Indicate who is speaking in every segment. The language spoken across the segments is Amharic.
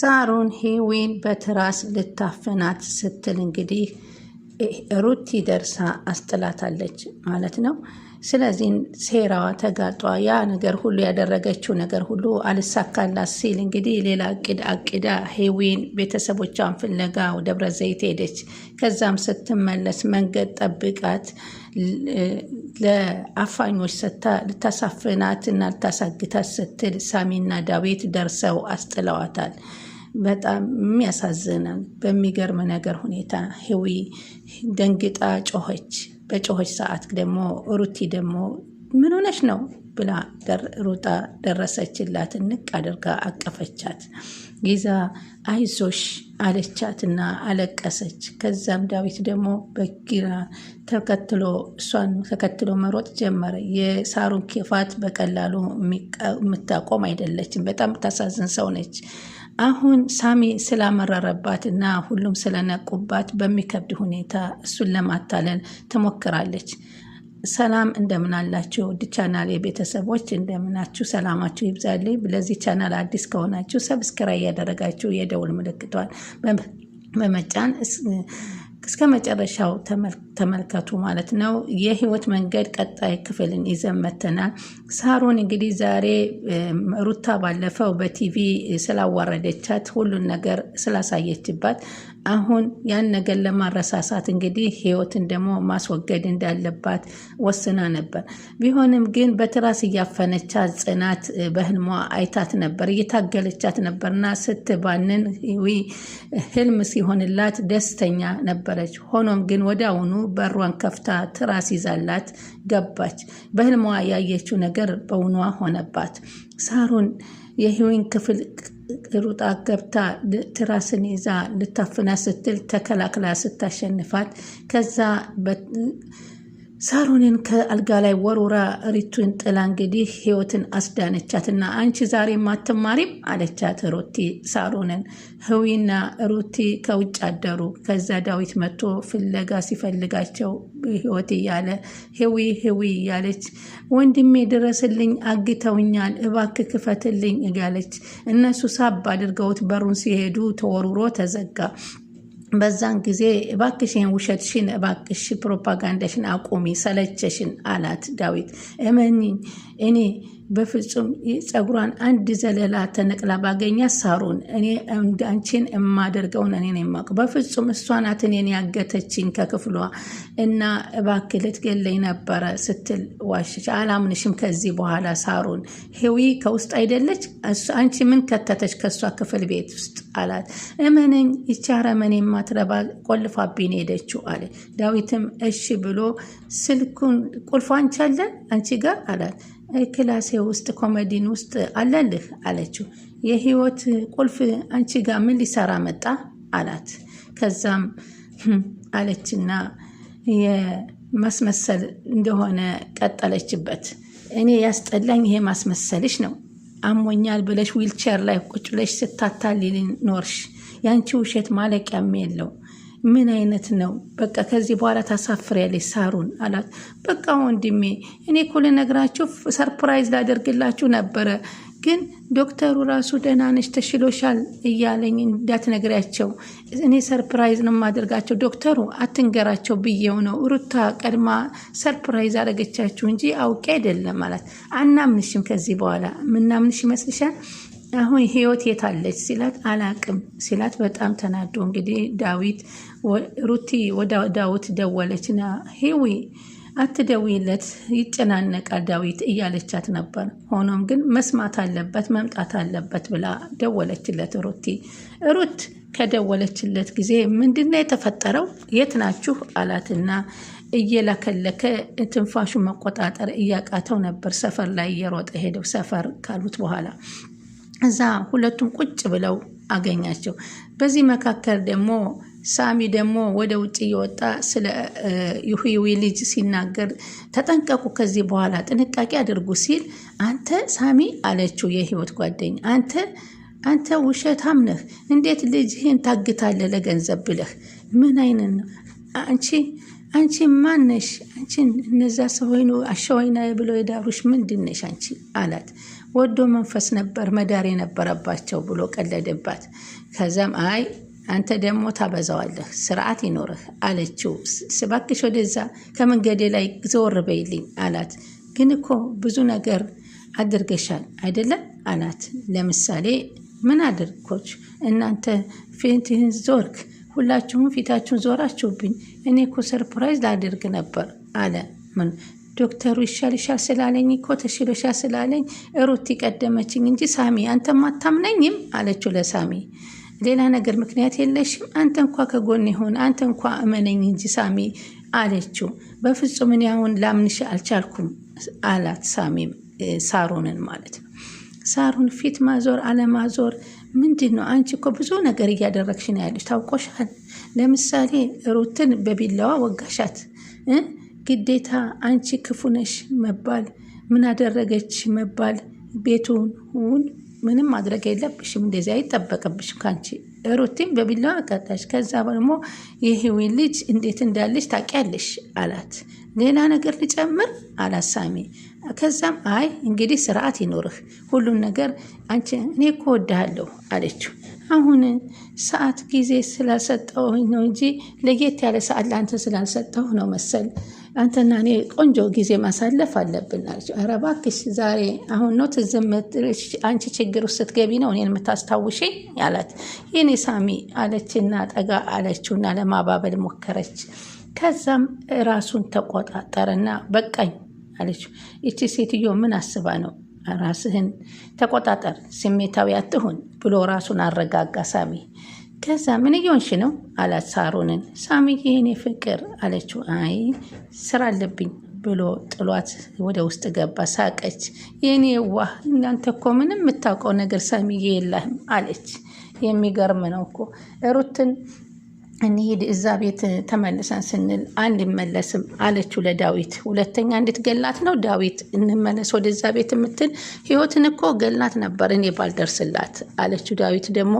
Speaker 1: ሳሮን ሄዌን በትራስ ልታፈናት ስትል እንግዲህ ሩቲ ደርሳ አስጥላታለች ማለት ነው። ስለዚህ ሴራዋ ተጋጧ። ያ ነገር ሁሉ ያደረገችው ነገር ሁሉ አልሳካላት ሲል እንግዲህ ሌላ እቅድ አቅዳ ሄዊን ቤተሰቦቿን ፍለጋ ደብረ ዘይት ሄደች። ከዛም ስትመለስ መንገድ ጠብቃት ለአፋኞች ልታሳፍናት እና ልታሳግታት ስትል ሳሚና ዳዊት ደርሰው አስጥለዋታል። በጣም የሚያሳዝናል። በሚገርም ነገር ሁኔታ ህዊ ደንግጣ ጮኸች። በጮኸች ሰዓት ደግሞ ሩቲ ደግሞ ምን ሆነች ነው ብላ ሩጣ ደረሰችላት። ንቅ አድርጋ አቀፈቻት ይዛ አይዞሽ አለቻትና አለቀሰች። ከዛም ዳዊት ደግሞ በጊራ ተከትሎ እሷን ተከትሎ መሮጥ ጀመረ። የሳሩን ክፋት በቀላሉ የምታቆም አይደለችም። በጣም ታሳዝን ሰው ነች። አሁን ሳሚ ስላመረረባት እና ሁሉም ስለነቁባት በሚከብድ ሁኔታ እሱን ለማታለል ትሞክራለች። ሰላም እንደምን አላችሁ? ውድ ቻናል የቤተሰቦች እንደምናችሁ ሰላማችሁ ይብዛልኝ። ለዚህ ቻናል አዲስ ከሆናችሁ ሰብስክራይብ ያደረጋችሁ የደውል ምልክቷል በመጫን እስከ መጨረሻው ተመልከቱ ማለት ነው። የህይወት መንገድ ቀጣይ ክፍልን ይዘን መተናል። እንግዲህ ዛሬ ሩታ ባለፈው በቲቪ ስላዋረደቻት ሁሉን ነገር ስላሳየችባት አሁን ያን ነገር ለማረሳሳት እንግዲህ ህይወትን ደግሞ ማስወገድ እንዳለባት ወስና ነበር። ቢሆንም ግን በትራስ እያፈነቻት ጽናት በህልሟ አይታት ነበር፣ እየታገለቻት ነበርና ስትባንን ህልም ሲሆንላት ደስተኛ ነበረች። ሆኖም ግን ወደ በሯን ከፍታ ትራስ ይዛላት ገባች። በህልሟ ያየችው ነገር በውኗ ሆነባት። ሳሩን የህዊን ክፍል ሩጣ ገብታ ትራስን ይዛ ልታፍና ስትል ተከላክላ ስታሸንፋት ከዛ ሳሮንን ከአልጋ ላይ ወርውራ ሪቱን ጥላ እንግዲህ ህይወትን አስዳነቻትና አንቺ ዛሬ አትማሪም አለቻት ሩቲ ሳሮንን። ህዊና ሩቲ ከውጭ አደሩ። ከዛ ዳዊት መጥቶ ፍለጋ ሲፈልጋቸው ህይወት እያለ ህዊ ህዊ እያለች ወንድሜ ድረስልኝ፣ አግተውኛል፣ እባክ ክፈትልኝ እያለች እነሱ ሳብ አድርገውት በሩን ሲሄዱ ተወርውሮ ተዘጋ። በዛን ጊዜ እባክሽን ውሸትሽን እባክሽ ፕሮፓጋንዳሽን አቁሚ ሰለቸሽን አላት ዳዊት እመኚኝ እኔ በፍጹም ፀጉሯን አንድ ዘለላ ተነቅላ ባገኛት ሳሩን እኔ አንቺን የማደርገውን እኔ ነው የማውቅ። በፍጹም እሷ ናት እኔን ያገተችኝ ከክፍሏ እና እባክህ ልትገለኝ ነበረ ስትል ዋሸች። አላምንሽም ከዚህ በኋላ ሳሩን ሄዊ ከውስጥ አይደለች አንቺ ምን ከተተች ከእሷ ክፍል ቤት ውስጥ አላት። እመነኝ ይቻረመኔ የማትረባ ቆልፋብኝ ሄደችው አለ። ዳዊትም እሺ ብሎ ስልኩን ቁልፏ ቻለን አንቺ ጋር አላት። ክላሴ ውስጥ ኮሜዲን ውስጥ አለልህ አለችው። የህይወት ቁልፍ አንቺ ጋር ምን ሊሰራ መጣ አላት። ከዛም አለችና የማስመሰል እንደሆነ ቀጠለችበት። እኔ ያስጠላኝ ይሄ ማስመሰልሽ ነው። አሞኛል ብለሽ ዊልቸር ላይ ቁጭ ብለሽ ስታታልል ኖርሽ። ያንቺ ውሸት ማለቂያም የለው ምን አይነት ነው? በቃ ከዚህ በኋላ ታሳፍሪያለሽ ሳሩን አላት። በቃ ወንድሜ እኔ እኮ ልነግራችሁ ሰርፕራይዝ ላደርግላችሁ ነበረ ግን ዶክተሩ ራሱ ደህና ተሽሎሻል እያለኝ እንዳትነግሪያቸው፣ እኔ ሰርፕራይዝ ነው የማደርጋቸው፣ ዶክተሩ አትንገራቸው ብዬው ነው። ሩታ ቀድማ ሰርፕራይዝ አደረገቻችሁ እንጂ አውቄ አይደለም ማለት አናምንሽም። ከዚህ በኋላ ምናምንሽ ይመስልሻል? አሁን ህይወት የታለች ሲላት አላቅም ሲላት በጣም ተናዶ እንግዲህ ዳዊት ሩቲ ወደ ዳዊት ደወለችና ሂዊ አትደውይለት ይጨናነቃል ዳዊት እያለቻት ነበር። ሆኖም ግን መስማት አለበት መምጣት አለበት ብላ ደወለችለት። ሩቲ ሩት ከደወለችለት ጊዜ ምንድነው የተፈጠረው የት ናችሁ አላትና እየላከለከ ትንፋሹ መቆጣጠር እያቃተው ነበር። ሰፈር ላይ እየሮጠ ሄደው ሰፈር ካሉት በኋላ እዛ ሁለቱም ቁጭ ብለው አገኛቸው። በዚህ መካከል ደግሞ ሳሚ ደግሞ ወደ ውጭ እየወጣ ስለ ይሁዊ ልጅ ሲናገር ተጠንቀቁ፣ ከዚህ በኋላ ጥንቃቄ አድርጉ ሲል አንተ ሳሚ አለችው የህይወት ጓደኛ አንተ አንተ ውሸታም ነህ፣ እንዴት ልጅህን ታግታለህ ለገንዘብ ብለህ? ምን አይነት ነው አንቺ አንቺ ማነሽ? አንቺን እነዛ ሰወይኑ አሸወይና ብለው የዳሩሽ ምንድነሽ አንቺ አላት። ወዶ መንፈስ ነበር መዳር የነበረባቸው ብሎ ቀለደባት። ከዛም አይ አንተ ደግሞ ታበዛዋለህ፣ ስርዓት ይኖርህ አለችው። ስባክሽ ወደዛ ከመንገዴ ላይ ዘወር በይልኝ አላት። ግን እኮ ብዙ ነገር አድርገሻል አይደለም አላት። ለምሳሌ ምን አድርጎች? እናንተ ፊትህን ዞርክ፣ ሁላችሁም ፊታችሁን ዞራችሁብኝ። እኔ እኮ ሰርፕራይዝ ላድርግ ነበር አለ። ዶክተሩ ይሻልሻል ስላለኝ እኮ ተሽሎሻል ስላለኝ ሩት ቀደመችኝ እንጂ ሳሚ አንተም አታምነኝም አለችው ለሳሚ ሌላ ነገር ምክንያት የለሽም አንተ እንኳ ከጎን ይሆን አንተ እንኳ እመነኝ እንጂ ሳሚ አለችው በፍጹም እኔ አሁን ላምንሽ አልቻልኩም አላት ሳሚም ሳሮንን ማለት ነው ሳሮን ፊት ማዞር አለማዞር ምንድን ነው አንቺ እኮ ብዙ ነገር እያደረግሽ ነው ያለች ታውቆሻል ለምሳሌ ሩትን በቢላዋ ወጋሻት ግዴታ አንቺ ክፉ ነሽ መባል፣ ምን አደረገች መባል፣ ቤቱን ምንም ማድረግ የለብሽም። እንደዚ አይጠበቅብሽም ከአንቺ። ሩቲን በቢላዋ አቀጣሽ። ከዛ ደግሞ የህዊ ልጅ እንዴት እንዳለች ታውቂያለሽ አላት። ሌላ ነገር ልጨምር አላት ሳሚ። ከዛም አይ እንግዲህ ስርዓት ይኖርህ ሁሉን ነገር አንቺ እኔ እኮ ወድሃለሁ አለችው። አሁን ሰዓት ጊዜ ስላልሰጠው ነው እንጂ ለየት ያለ ሰዓት ለአንተ ስላልሰጠው ነው መሰል አንተና እኔ ቆንጆ ጊዜ ማሳለፍ አለብን አለችው። ኧረ እባክሽ ዛሬ አሁን ነው ትዝ የምትልሽ አንቺ ችግር ውስጥ ስትገቢ ነው እኔን የምታስታውሽኝ አላት። የኔ ሳሚ አለችና ጠጋ አለችውና ለማባበል ሞከረች። ከዛም ራሱን ተቆጣጠረና በቃኝ አለችው። ይቺ ሴትዮ ምን አስባ ነው? ራስህን ተቆጣጠር፣ ስሜታዊ አትሁን ብሎ ራሱን አረጋጋ ሳሚ። ከዛ ምን እየሆንሽ ነው አላት ሳሮንን። ሳሚዬ የኔ ፍቅር አለችው። አይ ስራ አለብኝ ብሎ ጥሏት ወደ ውስጥ ገባ። ሳቀች። የኔ ዋ እናንተ እኮ ምንም የምታውቀው ነገር ሳሚዬ የለህም አለች። የሚገርም ነው እኮ ሩትን እንሂድ እዛ ቤት ተመልሰን ስንል አንመለስም አለችው ለዳዊት። ሁለተኛ እንድትገላት ነው ዳዊት እንመለስ ወደዛ ቤት የምትል ህይወትን እኮ ገላት ነበር እኔ ባልደርስላት አለችው። ዳዊት ደግሞ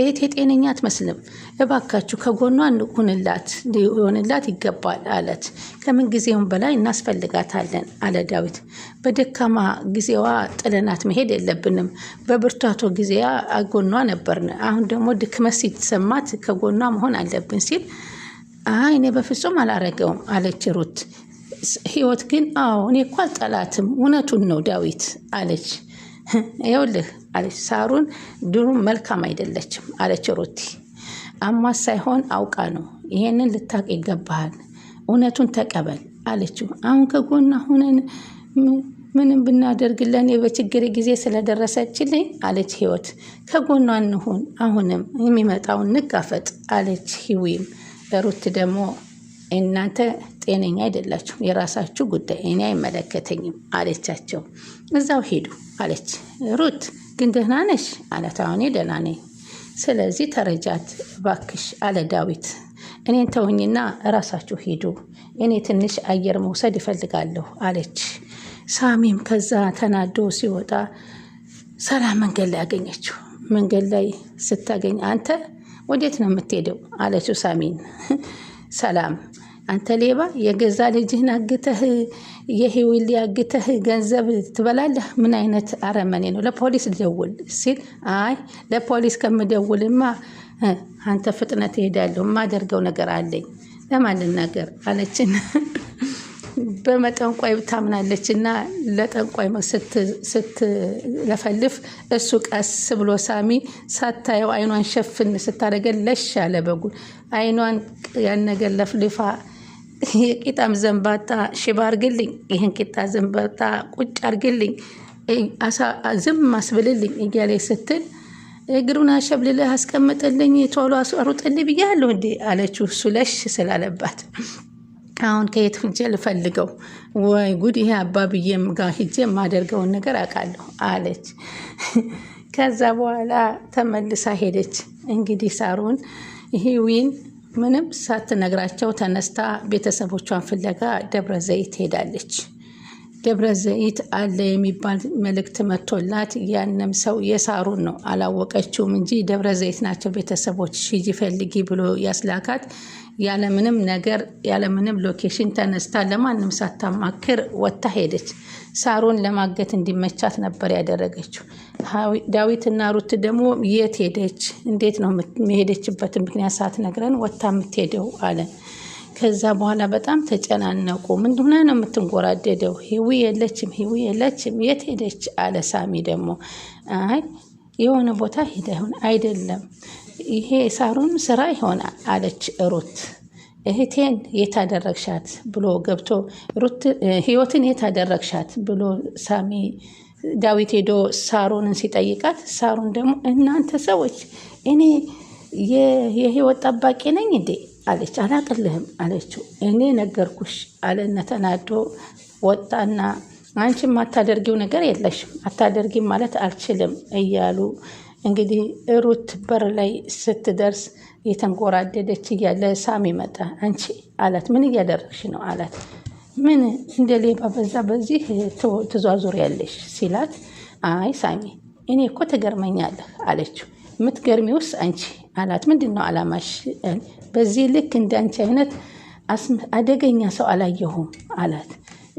Speaker 1: እህቴ ጤነኛ አትመስልም፣ እባካችሁ ከጎኗ እንሁንላት ሊሆንላት ይገባል አለት። ከምን ጊዜውም በላይ እናስፈልጋታለን አለ ዳዊት። በደካማ ጊዜዋ ጥለናት መሄድ የለብንም። በብርቷቶ ጊዜያ አጎኗ ነበርን። አሁን ደግሞ ድክመት ሲሰማት ከጎኗ መሆን አለ አደረገብን ሲል አይ እኔ በፍጹም አላረገውም አለች ሩት። ህይወት ግን አዎ እኔ እኮ አልጠላትም እውነቱን ነው ዳዊት አለች። ይኸውልህ አለች ሳሩን ድሩም መልካም አይደለችም አለች ሩቲ። አሟት ሳይሆን አውቃ ነው። ይሄንን ልታቅ ይገባሃል። እውነቱን ተቀበል አለችው። አሁን ከጎና ሁነን ምንም ብናደርግ ለእኔ በችግር ጊዜ ስለደረሰችልኝ አለች ህይወት። ከጎኗ እንሁን፣ አሁንም የሚመጣውን እንጋፈጥ አለች ህዊም። ሩት ደግሞ እናንተ ጤነኛ አይደላችሁም፣ የራሳችሁ ጉዳይ፣ እኔ አይመለከተኝም አለቻቸው። እዛው ሄዱ አለች ሩት። ግን ደህና ነሽ አላት። አሁን ደህና ነኝ፣ ስለዚህ ተረጃት ባክሽ አለ ዳዊት። እኔን ተውኝና ራሳችሁ ሄዱ፣ እኔ ትንሽ አየር መውሰድ እፈልጋለሁ አለች ሳሚም ከዛ ተናዶ ሲወጣ ሰላም መንገድ ላይ አገኘችው። መንገድ ላይ ስታገኝ አንተ ወዴት ነው የምትሄደው? አለችው ሳሚን። ሰላም አንተ ሌባ፣ የገዛ ልጅህን አግተህ የህዊል አግተህ ገንዘብ ትበላለህ? ምን አይነት አረመኔ ነው! ለፖሊስ ደውል ሲል አይ ለፖሊስ ከምደውልማ አንተ ፍጥነት እሄዳለሁ፣ የማደርገው ነገር አለኝ፣ ለማን ልናገር አለችን። በመጠንቋይ ታምናለች እና ለጠንቋይ ስትለፈልፍ እሱ ቀስ ብሎ ሳሚ ሳታየው አይኗን ሸፍን ስታደረገ ለሽ አለ በጉን አይኗን ያን ነገር ለፍልፋ የቂጣም ዘንባጣ ሽባ አርግልኝ፣ ይህን ቂጣ ዘንባጣ ቁጭ አርግልኝ፣ ዝም አስብልልኝ እያለ ስትል እግሩን አሸብልለህ አስቀምጥልኝ፣ ቶሎ አሩጥልኝ ብያለሁ እንዲ አለችው እሱ ለሽ ስላለባት አሁን ከየት ሂጄ ልፈልገው? ወይ ጉድ! ይሄ አባብዬ ጋር ሂጄ የማደርገውን ነገር አውቃለሁ አለች። ከዛ በኋላ ተመልሳ ሄደች። እንግዲህ ሳሩን ይሄ ዊን ምንም ሳትነግራቸው ተነስታ ቤተሰቦቿን ፍለጋ ደብረ ዘይት ሄዳለች። ደብረ ዘይት አለ የሚባል መልእክት መቶላት፣ ያንም ሰው የሳሩን ነው አላወቀችውም እንጂ ደብረ ዘይት ናቸው ቤተሰቦች ሂጂ ፈልጊ ብሎ ያስላካት ያለምንም ነገር ያለምንም ሎኬሽን ተነስታ ለማንም ሳታማክር ወጥታ ሄደች። ሳሮን ለማገት እንዲመቻት ነበር ያደረገችው። ዳዊትና ሩት ደግሞ የት ሄደች? እንዴት ነው የሄደችበትን ምክንያት ሳትነግረን ወጥታ የምትሄደው አለ። ከዛ በኋላ በጣም ተጨናነቁ። ምንድና ነው የምትንጎራደደው? ሂዊ የለችም፣ ሂዊ የለችም፣ የት ሄደች አለ ሳሚ ደግሞ አይ የሆነ ቦታ ሄዳ ይሆን አይደለም ይሄ ሳሩን ስራ ይሆናል አለች ሩት። እህቴን የታደረግሻት ብሎ ገብቶ ህይወትን የታደረግሻት ብሎ ሳሚ ዳዊት ሄዶ ሳሩንን ሲጠይቃት፣ ሳሩን ደግሞ እናንተ ሰዎች እኔ የህይወት ጠባቂ ነኝ እንዴ አለች። አላቅልህም አለችው። እኔ ነገርኩሽ አለነ ተናዶ ወጣና አንቺም አታደርጊው ነገር የለሽም አታደርጊም ማለት አልችልም እያሉ እንግዲህ ሩት በር ላይ ስትደርስ የተንጎራደደች እያለ ሳሚ መጣ። አንቺ አላት፣ ምን እያደረግሽ ነው አላት። ምን እንደ ሌባ በዛ በዚህ ትዟዙር ያለሽ ሲላት፣ አይ ሳሚ እኔ እኮ ትገርመኛለህ አለችው። የምትገርሚውስ አንቺ አላት። ምንድን ነው አላማሽ? በዚህ ልክ እንደ አንቺ አይነት አደገኛ ሰው አላየሁም አላት።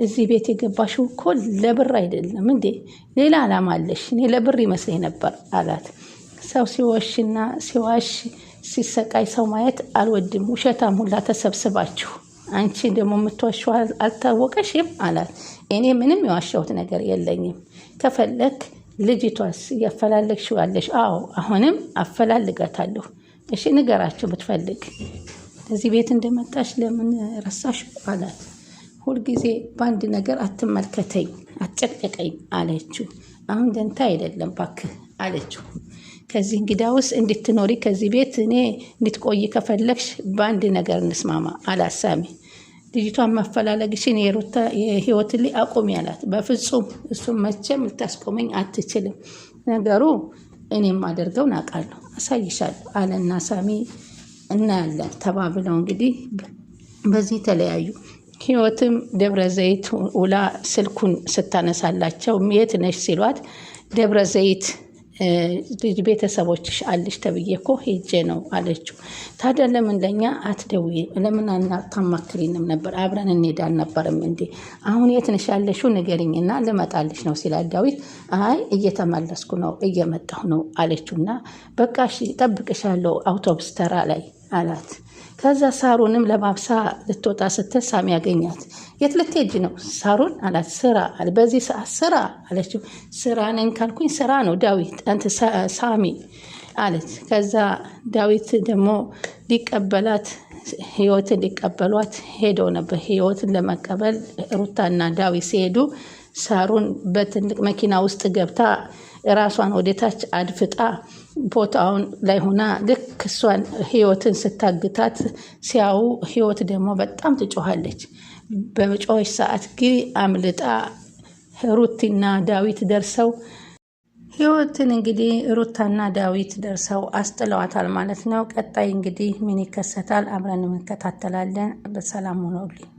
Speaker 1: እዚህ ቤት የገባሽው እኮ ለብር አይደለም እንዴ ሌላ ዓላማ አለሽ። እኔ ለብር ይመስለኝ ነበር አላት። ሰው ሲወሽና ሲዋሽ ሲሰቃይ ሰው ማየት አልወድም። ውሸታም ሁላ ተሰብስባችሁ አንቺ ደግሞ የምትዋሸው አልታወቀሽም አላት። እኔ ምንም የዋሻውት ነገር የለኝም። ከፈለክ ልጅቷስ እያፈላለግሽ ያለሽ? አዎ አሁንም አፈላልጋታለሁ። እሺ ንገራቸው ብትፈልግ እዚህ ቤት እንደመጣሽ ለምን ረሳሽ? አላት ሁልጊዜ በአንድ ነገር አትመልከተኝ፣ አትጨቀቀኝ አለችው። አሁን ደንታ አይደለም ባክ አለችው። ከዚህ እንግዳ ውስጥ እንድትኖሪ ከዚህ ቤት እኔ እንድትቆይ ከፈለግሽ በአንድ ነገር እንስማማ አላሳሚ ልጅቷን ማፈላለግሽን የሩታ የህይወት ላይ አቁሚ አላት። በፍጹም እሱም መቼም ልታስቆመኝ አትችልም። ነገሩ እኔም አደርገውን አውቃለሁ፣ አሳይሻለሁ አለና ሳሚ እናያለን ተባብለው እንግዲህ በዚህ ተለያዩ። ህይወትም ደብረ ዘይት ውላ ስልኩን ስታነሳላቸው የት ነሽ ሲሏት ደብረ ዘይት ልጅ ቤተሰቦችሽ አለሽ ተብዬ እኮ ሄጄ ነው አለችው። ታዲያ ለምን ለኛ አትደውይ? ለምን አታማክሪንም ነበር? አብረን እንሄድ አልነበርም እንዴ? አሁን የት ነሽ ያለሽው ንገሪኝና ልመጣልሽ ነው ሲላል ዳዊት አይ እየተመለስኩ ነው እየመጣሁ ነው አለችውና በቃ እሺ እጠብቅሻለሁ አውቶቡስ ተራ ላይ አላት። ከዛ ሳሩንም ለማብሳ ልትወጣ ስትል ሳሚ ያገኛት። የት ልትሄጂ ነው? ሳሩን አላት። ስራ በዚህ ሰዓት ስራ አለችው። ስራ ነኝ ካልኩኝ ስራ ነው ዳዊት እንት ሳሚ አለች። ከዛ ዳዊት ደግሞ ሊቀበላት ህይወትን ሊቀበሏት ሄደው ነበር። ህይወትን ለመቀበል ሩታና ዳዊት ሲሄዱ ሳሩን በትልቅ መኪና ውስጥ ገብታ ራሷን ወደታች አድፍጣ ቦታውን ላይ ሆና ልክ እሷን ህይወትን ስታግታት ሲያዩ ህይወት ደግሞ በጣም ትጮኋለች። በጮች ሰዓት ግን አምልጣ ሩቲና ዳዊት ደርሰው ህይወትን እንግዲህ ሩታና ዳዊት ደርሰው አስጥለዋታል ማለት ነው። ቀጣይ እንግዲህ ምን ይከሰታል አብረን እንከታተላለን። በሰላም ሆኖልኝ